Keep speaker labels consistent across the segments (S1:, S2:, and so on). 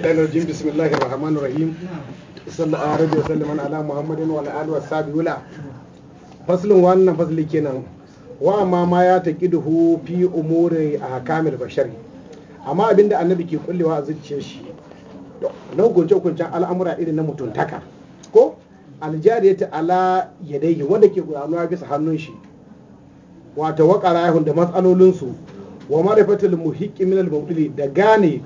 S1: الشيطان الرجيم بسم الله الرحمن الرحيم صلى الله عليه وسلم على محمد وعلى اله وصحبه wannan fasli kenan wa ma ma ya taqiduhu fi umuri ahkamil bashari amma abinda annabi ke kullewa a zuciyar shi na hukunce al'amura irin na mutuntaka ko aljariyata ala yadayhi wanda ke gudanuwa bisa hannun shi Wata wato waƙara da matsalolinsu wa marifatul muhiqqi min al da gane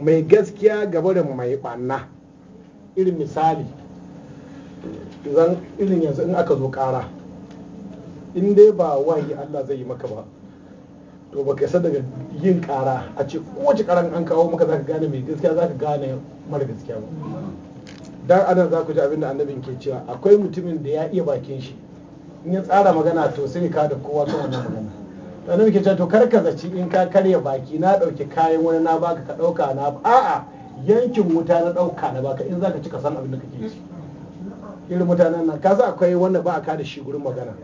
S1: mai gaskiya gaba da mai ɓanna irin misali zan irin yanzu in aka zo ƙara in dai ba wahayi Allah zai yi maka ba to ba ka daga yin ƙara a ce kowace ƙaran an kawo maka za ka gane mai gaskiya za ka gane mara gaskiya ba dan anan za ku ji abin da annabin ke cewa akwai mutumin da ya iya bakin shi in ya tsara magana to sai ka da kowa kan wannan magana to annabi ke cewa to kar ka zaci in ka karya baki na dauki kayan wani na baka ka dauka na a'a yankin wuta na dauka na baka in zaka ci ka san abin da kake ci irin mutanen nan kaza akwai wanda ba a ka da shi gurin magana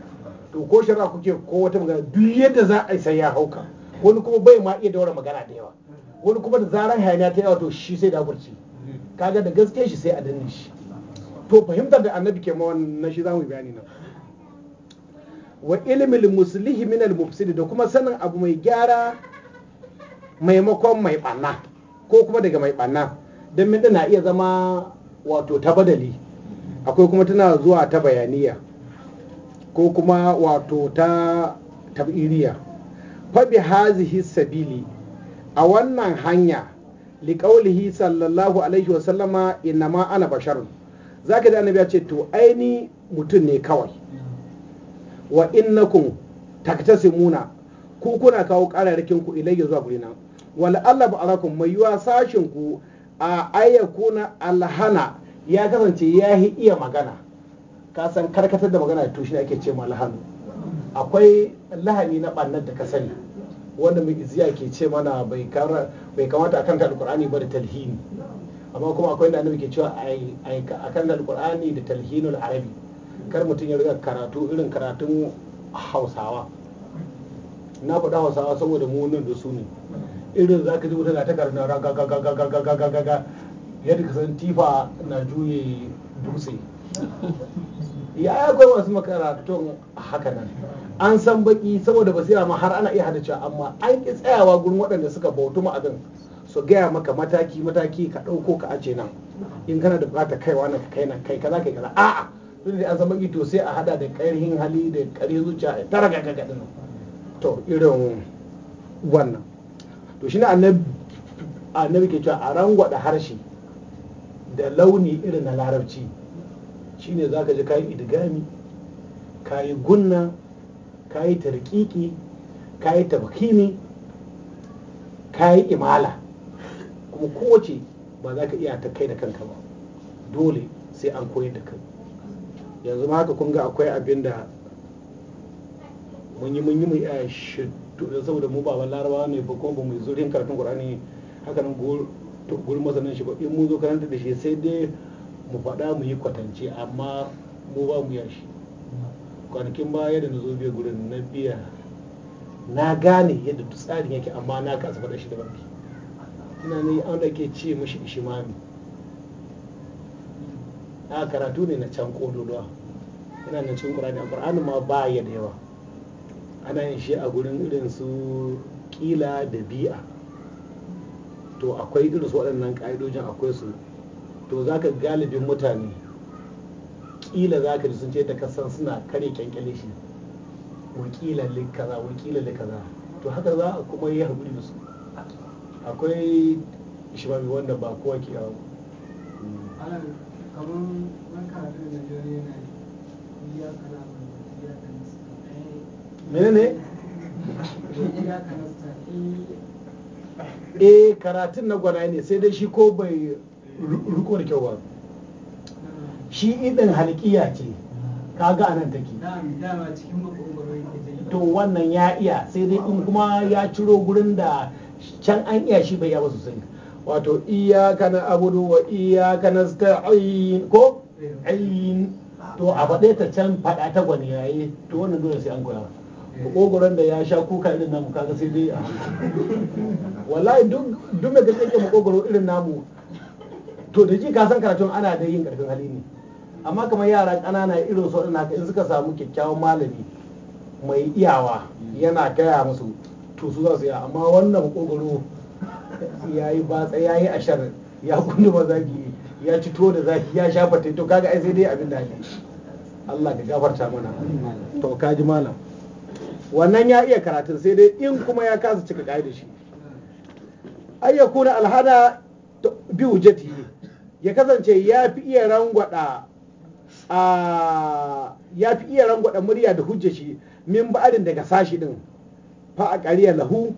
S1: to ko shara kuke ko wata magana duk yadda za a yi sai ya hauka wani kuma bai ma iya daura magana da yawa wani kuma da zaran hayaniya ta yawa to shi sai da gurci kaga da gaske shi sai a danne shi to fahimtar da annabi ke ma wannan shi zamu bayani nan wa ilimin musulihi min al mufsidi da kuma sanin abu mai gyara maimakon mai banna ko kuma daga mai banna don min na iya zama wato ta badali akwai kuma tana zuwa ta bayaniya ko kuma wato ta tabiriya fabi hazihi sabili a wannan hanya liƙaulihi sallallahu alaihi wasallama ma ana basharun zaka da annabi ya ce to aini mutum ne kawai wa innakum taktasimuna ku kuna kawo kararrakin ku ilayya zuwa guri nan? wal Allah mai yuwa sashin ku a ayyakuna alhana ya kasance ya yi iya magana ka san karkatar da magana to shi ake ce ma lahanu akwai lahani na bannan da ka sani wanda mai iziya ke ce mana bai kamata a kanta alkur'ani ba da talhini amma kuma akwai da annabi ke cewa a kanta alkur'ani da talhinul arabi kar mutum ya riga karatu irin karatun hausawa na faɗa hausawa saboda mu nan da su ne irin za ka ji mutum na ta karna ga yadda ka san tifa na juye dutse ya ya akwai masu makaratun haka nan an san baki saboda basira ma har ana iya cewa. amma an ki tsayawa gurin waɗanda suka bautu ma abin su gaya maka mataki mataki ka ɗauko ka aje nan in kana da bukata kaiwa nan ka kai nan kai kaza kai kaza a'a tun da an san baki to sai a hada da ƙarhin hali da ƙarhin zuciya a tara ga nan. to irin wannan to shi ne annabi ke cewa a rangwada harshe da launi irin na larabci ne za ka ji kayan idigami kayi gunna kayi tarkiki kayi tabkimi kayi imala kuma kowace ba za ka iya ta kai da kanka ba dole sai an koyar da kai yanzu ma haka kun ga akwai abin da mun yi mun yi mu iya shiddu saboda mu baban larabawa ne ba kuma ba mu yin karatun qur'ani haka nan gurin masanin shi ba in mu zo karanta da shi sai dai mu faɗa mu yi kwatance amma mu ba mu yashi kwanakin ba yadda na zo biya gurin na biya na gane yadda tsarin yake amma na kasa faɗa shi da baki ina ne an da ke ce mashi ishimami a karatu ne na can kololuwa yana na cikin ƙur'ani alƙur'ani ma ba ya da yawa ana yin shi a gurin irin su kila da bi'a to akwai irin su waɗannan ƙa'idojin akwai su to za ka galibin mutane kila za ka ji sun ce ta kasan suna kare kyankyale shi wakila likaza wakila likaza to haka za a kuma yi haƙuri da su akwai ishimami wanda ba kowa ke yawo mene ne? Eh. eh karatun na gwana ne sai dai shi ko bai riko da kyau ba shi idin halkiya ce kaga anan take to wannan ya iya sai dai in kuma ya ciro gurin da can an iya shi bai yaba sosai wato iyaka na abudu wa iyaka na sta'in ko ayin to a faɗe ta can faɗa ta gwani yayi to wannan dole sai an koya kogoron da ya sha kuka irin namu kaga sai dai a wallahi duk mai gaske ke makogoro irin namu to da ji ka san karatun ana da yin karfin hali ne amma kamar yara ƙanana irin su haka in suka samu kyakkyawan malami mai iyawa yana gaya musu to su za su yi amma wannan makogoro ya yi batsa ya yi ashar ya kunu ba zagi ya ci tuwo da zaki ya sha to kaga ai sai dai abin da Allah ka gafarta mana to ka ji malam wannan ya iya karatun sai dai in kuma ya kasa cika da shi ai ya kuna alhada bi wujati ya kasance ya fi iya rangwada a ya fi iya rangwada murya da hujjashi min ba'adin daga sashi din fa a lahu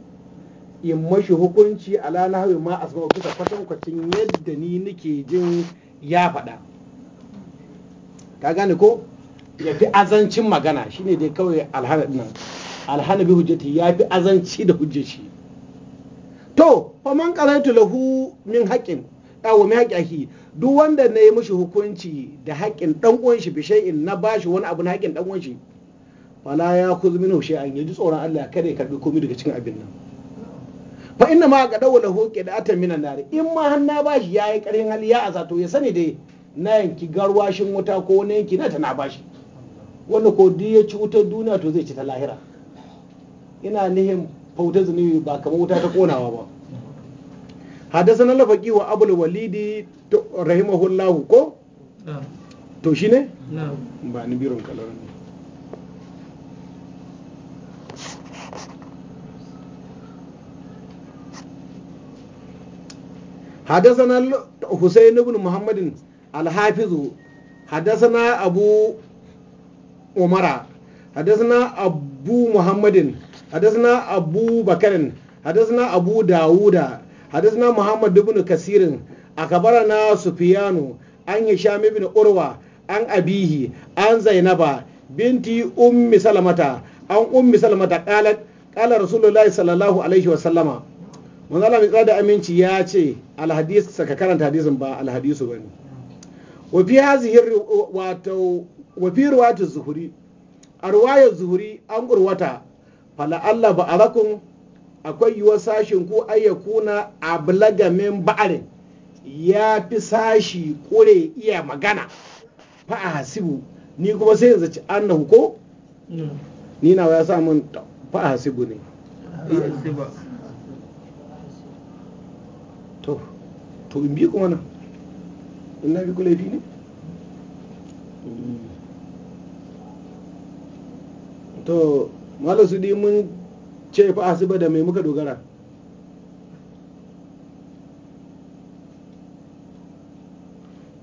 S1: in mashi hukunci a nahwi ma asma'u bisa kwatankwacin yadda ni nake jin ya faɗa ka gane ko ya fi azancin magana shine dai kawai alhana nan alhana bi hujjati ya fi azanci da hujjar to fa man qaraitu lahu min ɗawo mai haƙi haqqi duk wanda na yi mashi hukunci da haƙƙin ɗan uwanshi shi bi shay'in na bashi wani abu na haƙƙin ɗan uwanshi. shi fala ya khudh an yi yaji tsoron Allah kada ya karɓi komai daga cikin abin nan fa inna ma ga dawo hoke da min minan nare in ma hanna bashi yayi karin hali ya zato, ya sani dai na yanki garwashin wuta ko na yanki na ta na bashi wanda ko duk ya ci wutar duniya to zai ci ta lahira ina nihin fautar zunubi ba kamar wuta ta konawa ba حدثنا لفقي walidi الوليد رحمه ko shi تو شينه نعم با نبيرون ne? حدثنا حسين بن محمد الحافظ حدثنا أبو عمر حدثنا أبو محمد حدثنا أبو بكر حدثنا أبو داود حدثنا محمد بن كثير أخبرنا سفيان عن هشام بن أروى عن أبيه عن زينب بنت أم سلمة عن أم سلمة قالت قال رسول الله صلى الله عليه وسلم manzo Allah bai da aminci ya ce alhadis saka karanta hadisin ba alhadisu ba wa fi hazihi wato wafi fi riwayatu zuhuri a riwayar zuhuri an gurwata fala Allah ba arakun akwai yiwuwar sashin ko ayyakuna a min ba'arin ya fi sashi kure iya magana fa a hasibu ni kuma sai yanzu ci annahu ko hmm. ni na ya sa mun fa a hasibu ne to to in bi kuma nan in na bi ku laifi ne mm. to malam su mun ce fa asiba da mai muka dogara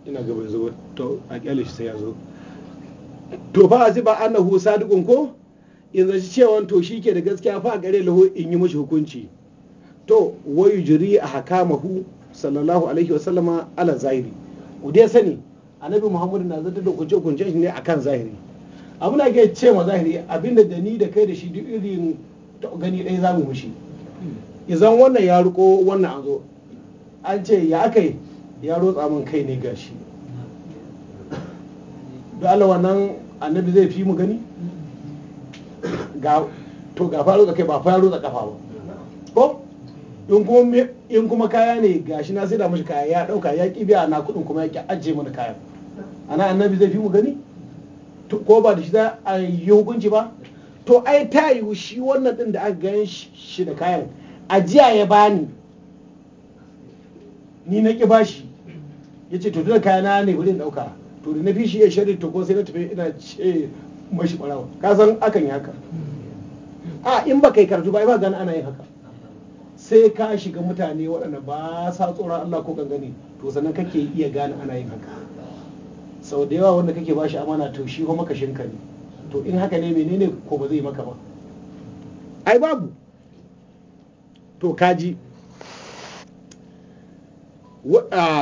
S1: ina ga bai to a kyale shi sai ya zo to fa asiba annahu sadiqun ko in zaci cewa to shi ke da gaskiya fa gare lahu in yi mashi hukunci to wayu jiri a mahu sallallahu alaihi wa sallama ala zahiri ku dai sani annabi muhammadu na zata da kunce kunce shi ne akan zahiri abin da ke ce ma zahiri abinda da ni da kai da shi duk irin gani ɗaya zamu mushi idan wannan ya riko wannan an zo an ce ya aka yi ya rotsa min kai ne gashi da Allah wannan annabi zai fi mu gani ga to ga faro da kai ba faro da kafa ba ko in kuma kaya ne gashi na sai da mashi kaya ya dauka ya ki biya na kudin kuma ya ki ajiye mana kaya ana annabi zai fi mu gani ko ba da shi za a yi hukunci ba to ai ta yiwu shi wannan din da aka gan shi da kayan ajiya ya bani ni na ki bashi ya ce to kaya kayana ne wurin dauka to da na fi shi ya shari to ko sai na tafi ina ce mashi barawa ka akan yi haka a in ba kai karatu ba ba ana yin haka sai ka shiga mutane waɗanda ba sa tsoron Allah ko gangane to sannan kake iya gane ana yin haka sau da yawa wanda kake bashi amana to shi ko makashin ka ne to in haka ne menene ko ba zai maka ba ai babu to kaji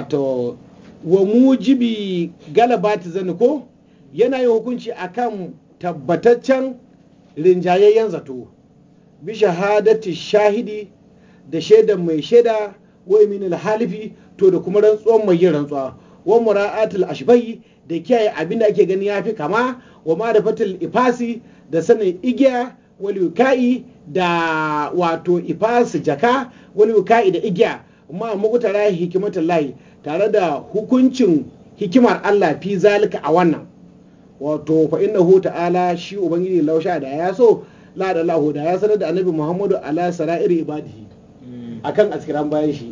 S1: to wa mujibi galaba zan ko yana yin hukunci akan tabbataccen rinjayayyen zato bi shahadati shahidi da shaidan mai shaida wa iminul halifi to da kuma rantsuwan mai yin rantsuwa wa mura'atul ashbai da kiyaye abin da ake gani ya fi kama wa ma'rifatul ifasi da sanin igiya wal yukai da wato ifasi jaka wal yukai da igiya ma mugutara hikimatul lahi tare da hukuncin hikimar Allah fi zalika a wannan wato fa innahu ta'ala shi ubangiji lausha da ya so la da lahu da ya sanar da annabi Muhammadu ala sara'iri ibadihi akan askiran bayan shi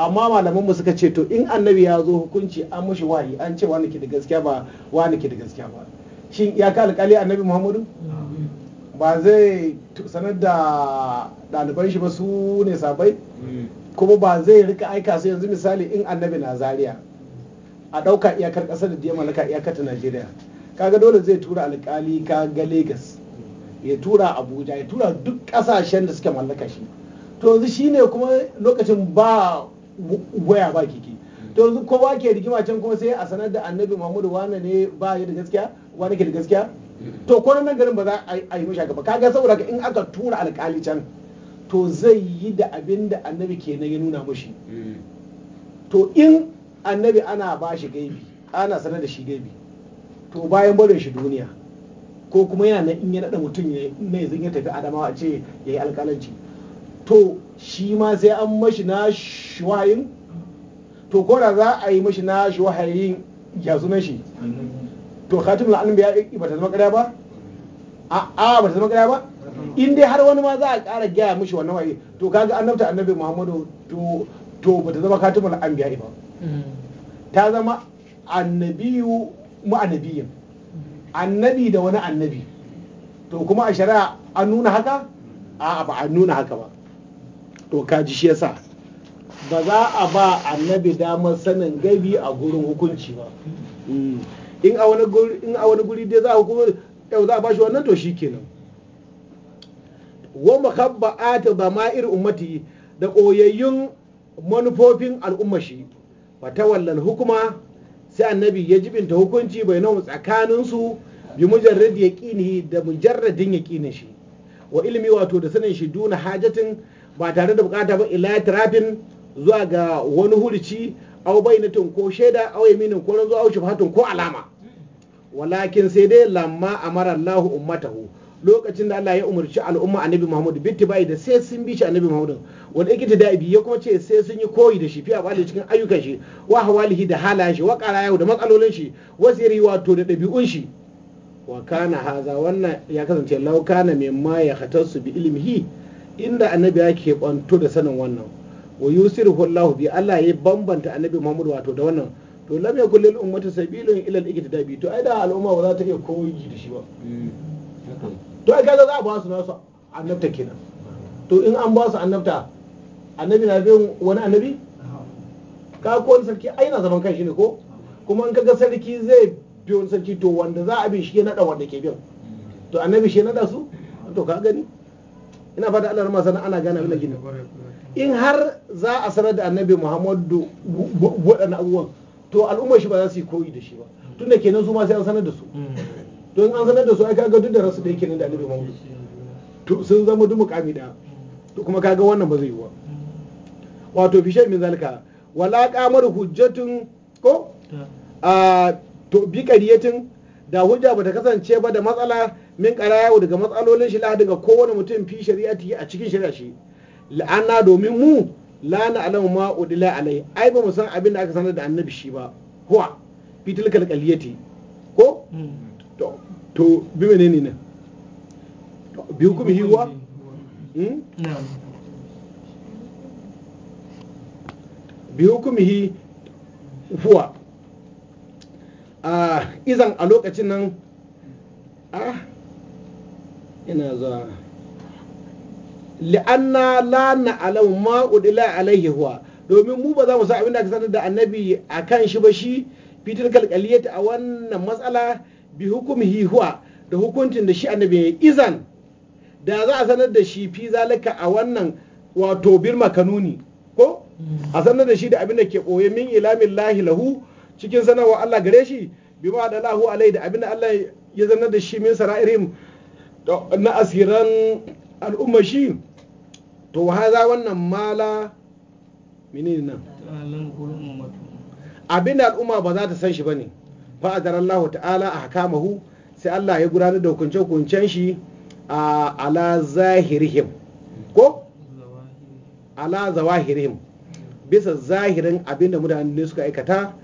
S1: amma malaman mu suka ce to in annabi ya zo hukunci an mushi wahi an ce wani ke da gaskiya ba wani ke da gaskiya ba shin ya ka alƙali annabi muhammadu ba zai sanar da ɗaliban shi ba su ne sabai kuma ba zai rika aika su yanzu misali in annabi na zariya a ɗauka iyakar ƙasar da diya mallaka iyakar ta najeriya kaga dole zai tura alƙali kaga Legas, ya tura abuja ya tura duk ƙasashen da suke mallaka shi to yanzu ne kuma lokacin ba waya ba kiki to yanzu kowa ke rigima can kuma sai a sanar da annabi muhammadu wane ne ba ya da gaskiya wane ke da gaskiya to ko nan garin ba za a yi mashi ba kaga saboda in aka tura alkali can to zai yi da abin da annabi ke kenan ya nuna mashi to in annabi ana ba shi gaibi ana sanar da shi gaibi to bayan barin shi duniya ko kuma yana in ya naɗa mutum ne zai ya tafi adamawa ce ya yi alkalanci to shi ma sai an mashi na shuwayin to ko da za a yi mashi na shuwayin ya sunan shi to biya anbiya ba ta zama ƙarya ba a ba ta zama ƙarya ba in dai har wani ma za a ƙara gaya mashi wannan waye to kaga annabta annabi muhammadu to to ba ta zama khatimul anbiya ba ta zama annabiyu mu annabiyin annabi da wani annabi to kuma a shari'a an nuna haka a ba a nuna haka ba to ji shi yasa ba za a ba annabi damar sanin gaibi a gurin hukunci ba hmm. in a wani guri dai za a yau za a bashi wannan to shi kenan wa makabba'ata zama'ir ummati da koyayyun manufofin al'umma shi wallan hukuma sai annabi ya jibinta hukunci bai nan tsakanin su bi mujarrad yaqini da mujarradin yaqini shi wa ilmi wato da sanin shi duna hajatin ba tare da bukata ba ila tirafin zuwa ga wani hurici au na ko shaida au yaminin ko zuwa au shubhatun ko alama walakin sai dai lamma amara Allahu ummatahu lokacin da Allah ya umarci al'umma annabi Muhammad bai da sai sun bi shi annabi Muhammad wanda yake tadabi ya kuma ce sai sun yi koyi da shi fiye fi bali cikin ayyukan shi wa hawalihi da halayen shi wa qarayau da matsalolin shi wasu wasiri wato da ɗabi'un shi wa kana haza wannan ya kasance lauka na mimma ya hatarsu bi ilmihi inda annabi yake ke kwanto da sanin wannan wa yusiru Allahu bi Allah ya bambanta annabi Muhammad wato da wannan to lam yakul lil ummati sabilun ila al iktidabi to ai da al'umma ba za ta iya koyi da shi ba to ai kaza za a ba su nasu annabta kenan to in an ba su annabta annabi na bin wani annabi ka ko wani sarki aina na zaman shi ne ko kuma in kaga sarki zai bi wani sarki to wanda za a bi shi ke nada wanda ke bin to annabi shi ya nada su to ka gani ina fata Allah nama sana ana gane abin da gini in har za a sanar da annabi Muhammadu waɗannan abubuwan to al'ummar shi ba za su yi koyi da shi ba tunda kenan su ma sai an sanar da su to mm. in an sanar da su ai kaga duk da rasu da yake nan da annabi Muhammadu to sun zama duk mukami da to kuma kaga wannan ba zai yi ba wato fi shay min zalika wala qamar hujjatun ko a ah, to bi kariyatin da hujja bata kasance ba da matsala min qara'u daga matsalolin shi lahadin daga kowane mutum fi shari'ati a cikin shari'a shi la'anna domin mu la na'lamu ma udila alai ai ba mu san abin da aka sanar da annabi shi ba huwa fi tilkal qaliyati ko to to bi menene ne bi hukumi huwa hmm? na'am bi hukumihi fuwa a ah, izan a lokacin nan ah, ina zuwa li'anna la ma udila alaihi huwa domin mu ba za mu san abin da aka sanar da annabi kan shi ba shi fitil kalkaliyat a wannan matsala bi hukumihi huwa da hukuncin da shi annabi ya izan da za a sanar da shi fi zalika a wannan wato bir makanuni ko a sanar da shi da abin da ke ɓoye min ilamin lahi lahu cikin sanarwa Allah gare shi bima da lahu alai da abin da Allah ya zanar da shi min sara'irhim na asiran al'umma shi to haza wannan mala menene nan da al'umma ba za ta san shi ba ne fa'adar Allah ta'ala a hakamahu sai Allah ya gudanar da hukunce-hukuncen shi a ala zahirihim ko ala zawahirihim bisa zahirin abinda mutane suka aikata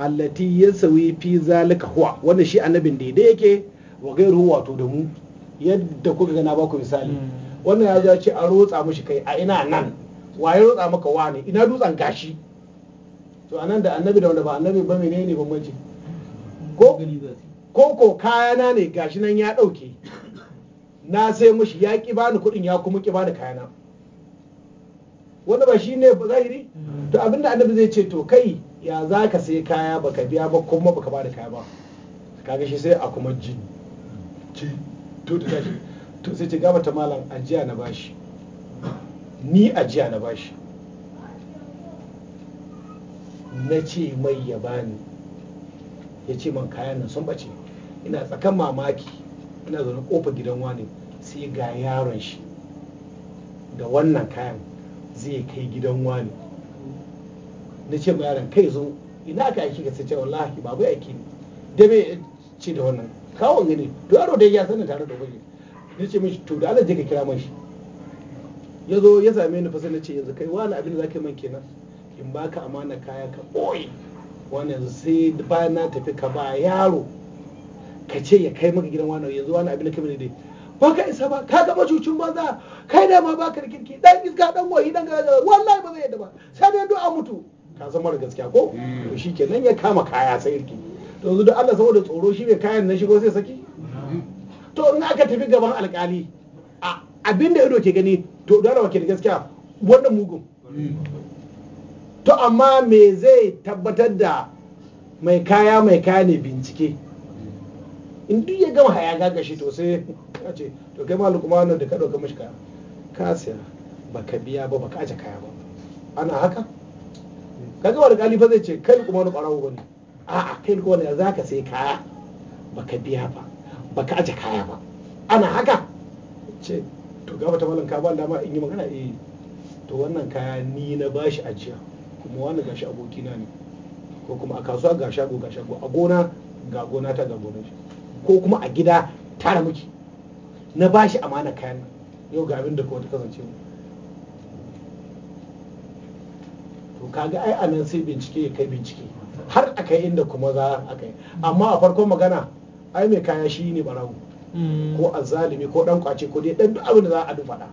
S1: allati sauyi fi zalika huwa wannan shi annabin daidai yake wa gairu wato da mu yadda kuka gana ba ku misali hmm. wannan ya ya ce a rotsa mushi kai a ina nan Wa ya rotsa maka ne? ina dutsen gashi to anan da annabi da wanda ba annabi ba ne bambanci ko ko ko kayana ne gashi nan ya ɗauke na sai mushi ya ki bani kuɗin ya kuma ki bani kayana wanda ba shi ne zahiri hmm. to abinda annabi zai ce to kai ya za ka sai kaya baka biya ba kuma baka bada kaya ba kaga shi sai a kuma ji tutu ta tashi to sai ce gabata malam ajiya na bashi ni ajiya na bashi na ce mai ya bani ya ce man kayan nan sun bace ina tsakan mamaki ina zaune kofar gidan wani sai ga yaron shi da wannan kayan zai kai gidan wani na ce mai yaron kai zo ina ka aiki ka sai ce wallahi babu aiki ne da ya ce da wannan kawon gani to da ya sani tare da ubangiji ni ce mishi to da Allah je ka kira man shi ya zo ya same ni fasa na ce yanzu kai wani abin da za yi man kenan in baka amana kaya ka wani yanzu sai bayan na tafi ka ba yaro ka ce ya kai maka gidan wani yanzu wani abin da kamar dai ba ka isa ba ka gama cucin banza kai da ma baka da kirki dan iska dan wahi dan gaza wallahi ba zai yadda ba sai dai du'a mutu ka zama da gaskiya ko hmm. to shikenan ya kama kaya sai kirki yanzu da Allah saboda tsoro shi mai kayan na shigo sai saki to in aka tafi gaban alkali abin da ido ke gani to dole wakil gaskiya wannan mugun to amma me zai tabbatar da mai kaya mai kaya ne bincike in duk ya gama haya gagashi to sai ka ce to kai ma lukuma wannan da ka dauka mashi kaya ka siya baka biya ba baka aje kaya ba ana haka ka gama kalifa zai ce kai kuma wani ɓarawo ba ne a'a kai ko ne za ka sai kaya baka biya ba baka aje kaya ba ana haka ce to gaba ta malam ka ba dama in yi magana eh to wannan kaya ni na bashi ajiya kuma wannan gashi abokina ne ko kuma a kasuwa ga shago ga shago a gona ga gona ta ga gona ko kuma a gida tara miki na bashi amana kayan yau ga abin da kuma ta kasance to kaga ai anan sai bincike ya kai bincike har a kai inda kuma za a kai amma a farkon magana ai mai kaya shi ne barawo mm. ko azalimi ko dan kwace ko dai dan duk abin da za a faɗa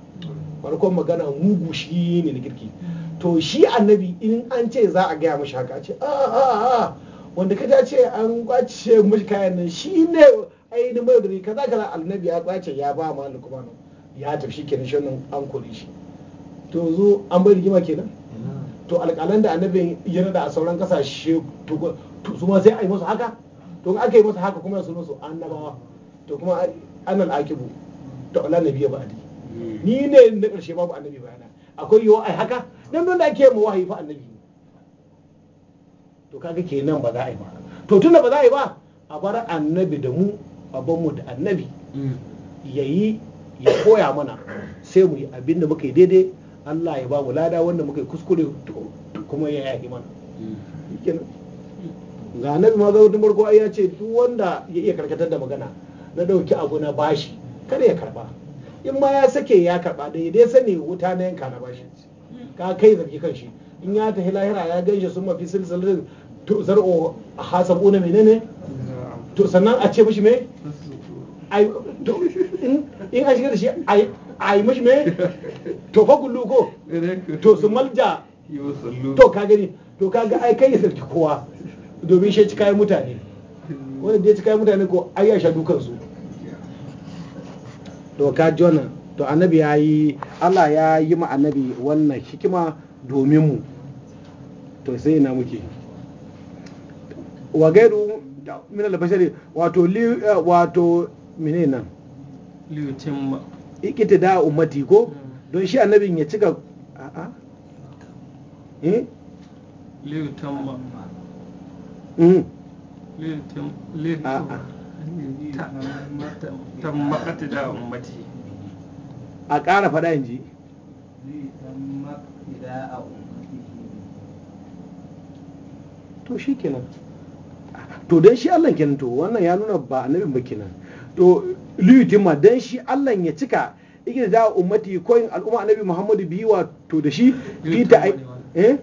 S1: farkon magana mugu shi ne na girki mm. to shi annabi in an ce za a gaya mashi haka ce a a a wanda ka ce an kwace mashi kayan nan shi ne ai ni mai dare kaza kaza annabi ya kwace ya ba ma lukman ya tafi kenan shi an kore shi to zo an bai rigima kenan to alƙalan da annabi ya da a sauran kasashe su ma sai a yi musu haka to in aka yi musu haka kuma su musu annabawa to kuma annal akibu da ala ba ba'di ni ne na ƙarshe babu annabi bayana akwai yiwuwa ai haka dan don da ake mu wahayi fa annabi to kaga kenan ba za a yi ba to tunda ba za a yi ba a bar annabi da mu a ban mu da annabi hmm. yayi ya koya mana sai mu yi abin da muka yi daidai Allah ya ba mu lada wanda muka yi kuskure kuma ya yaƙi mana ga annabi ma zautun farko ai ya ce duk wanda ya iya karkatar da magana na ɗauki abu na bashi kada ya karba in ma ya sake ya karba da dai sani wuta na yanka na bashi ka kai zargi kan shi in ya tafi lahira ya ganshi sun mafi silsilin zar'o hasabuna menene to sannan a ce mishi me in an shiga da shi a yi mashi me to fa kullu ko to su malja to ka gani to ka ga ai kai ya sarki kowa domin shi ci kayan mutane wani da ya ci kayan mutane ko ai ya sha dukan su to ka ji wannan to annabi ya yi Allah ya yi ma annabi wannan hikima domin mu to sai ina muke wa gairu min al-bashari wato eh, wato menene nan liyutimma ikita da ummati ko don shi annabin ya cika a eh? hmm. a a ƙara fada in ji to shi kenan to don shi Allah kenan to wannan ya nuna ba annabin ba kenan to liyutimma don shi Allah ya cika ikida da ko koyin al'umma annabi Muhammadu biyu wato da shi fita eh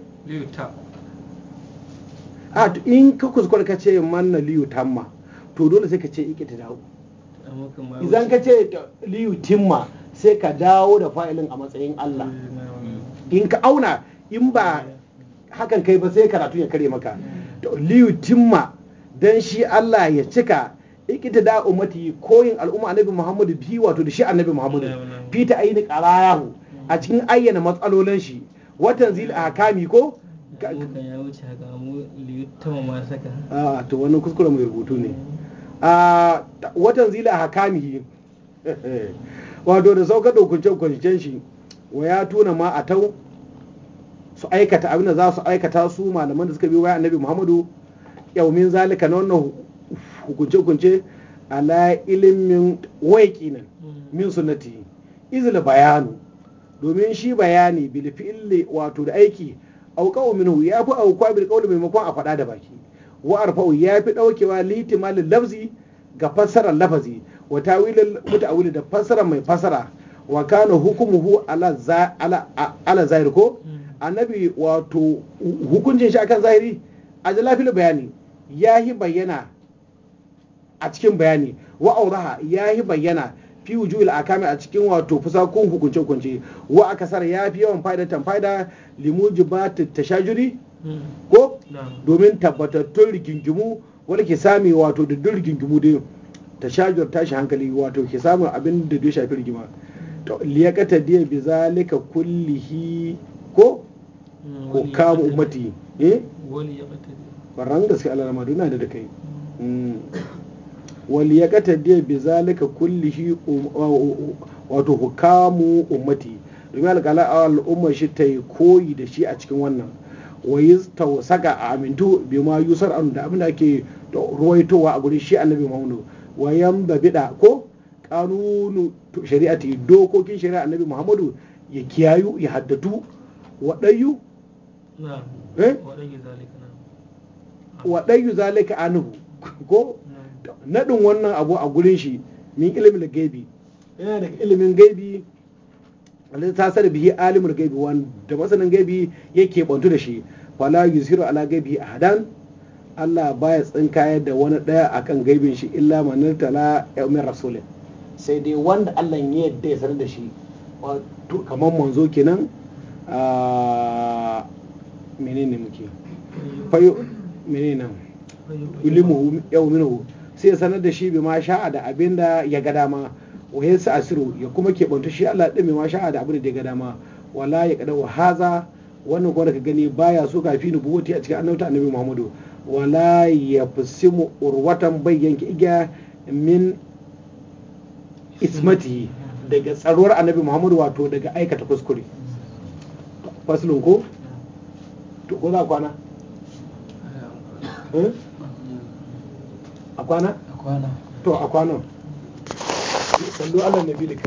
S1: a to in ka kuskure ka ce manna liyutamma to dole sai ka ce ta dawo idan ka ce liyutimma sai ka dawo da fa'ilin a matsayin Allah in ka auna in ba hakan kai ba sai karatu ya kare maka mm. liyutimma don shi Allah ya cika iktida umati koyin al'umma annabi muhammadu bi wato da shi annabi muhammadu fita aini qarayahu a cikin ayyana matsalolin shi watan zil ahkami ko ya wuce mu ma saka to wannan kuskure mai rubutu ne a watan zil ahkami wato da saukar da shi wa ya tuna ma a tau su aikata abinda za su aikata su malaman da suka bi waya annabi muhammadu yaumin zalika na wannan hukunce-hukunce ala ilimin kinan hmm. min sunnati izil bayanu domin shi bayani bil fi'li wato da aiki auqa'u minhu ya fi auqa'u bil qawli maimakon a faɗa da baki wa arfa'u ya fi ɗaukewa litimalin lafzi ga fassarar lafazi wa tawilin mutawili da fassara mai fassara wa kana hukumuhu ala ala ala zahir ko hmm. annabi wato hukuncin shi akan zahiri a bayani ya yi bayyana a cikin bayani wa auraha ya yi bayyana fi wuju akami a cikin wato fusa ko hukunce hukunce wa kasar ya fi yawan fa'ida tamfada limujibatu tashajuri ko domin tabbatattun rigingimu wanda ke sami wato da rigingimu da tashajur tashi hankali wato ke samun abin da ya shafi rigima to liyakata diya bi zalika kullihi ko mm, ko kama ummati eh wani ya da kai mm. Mm. waliyakata ya bi zalika kullihi um-, uh, wato hukamu ummati domin alƙala al'umma shi ta yi koyi da shi a cikin wannan wayi tausaka a amintu bi ma yusar an da abinda ake ruwaitowa a gurin shi annabi muhammadu wayan da bida ko kanunu shari'ati dokokin shari'a annabi muhammadu ya kiyayu ya haddatu waɗayu eh? waɗayu zalika anhu ko nadin wannan abu a gurin shi min ilimin gaibi yana daga ilimin gaibi alladhi tasar bihi alimul gaibi wanda masanin gaibi yake bantu da shi fala yusiru ala gaibi ahadan Allah baya tsinkayar da wani daya akan gaibin shi illa man tala min rasulin sai dai wanda Allah ya yadda ya sanar da shi wato kamar manzo kenan a menene muke fayo menene ilmu yau minhu sai sanar da shi bi ma sha'a da abin da ya ga dama Waye su asiru ya kuma bantu shi Allah ɗin bi ma sha'a da abin da ya ga dama wala ya kada wa haza wannan kuma ka gani baya so kafi nubuwati a cikin annabta annabi Muhammadu wala ya fusimu urwatan bayyanki igiya min ismati daga tsaruwar annabi Muhammadu wato daga aikata kuskure fasulun ko ko za kwana eh kwana? a kwana to a kwanan sallu na nabi da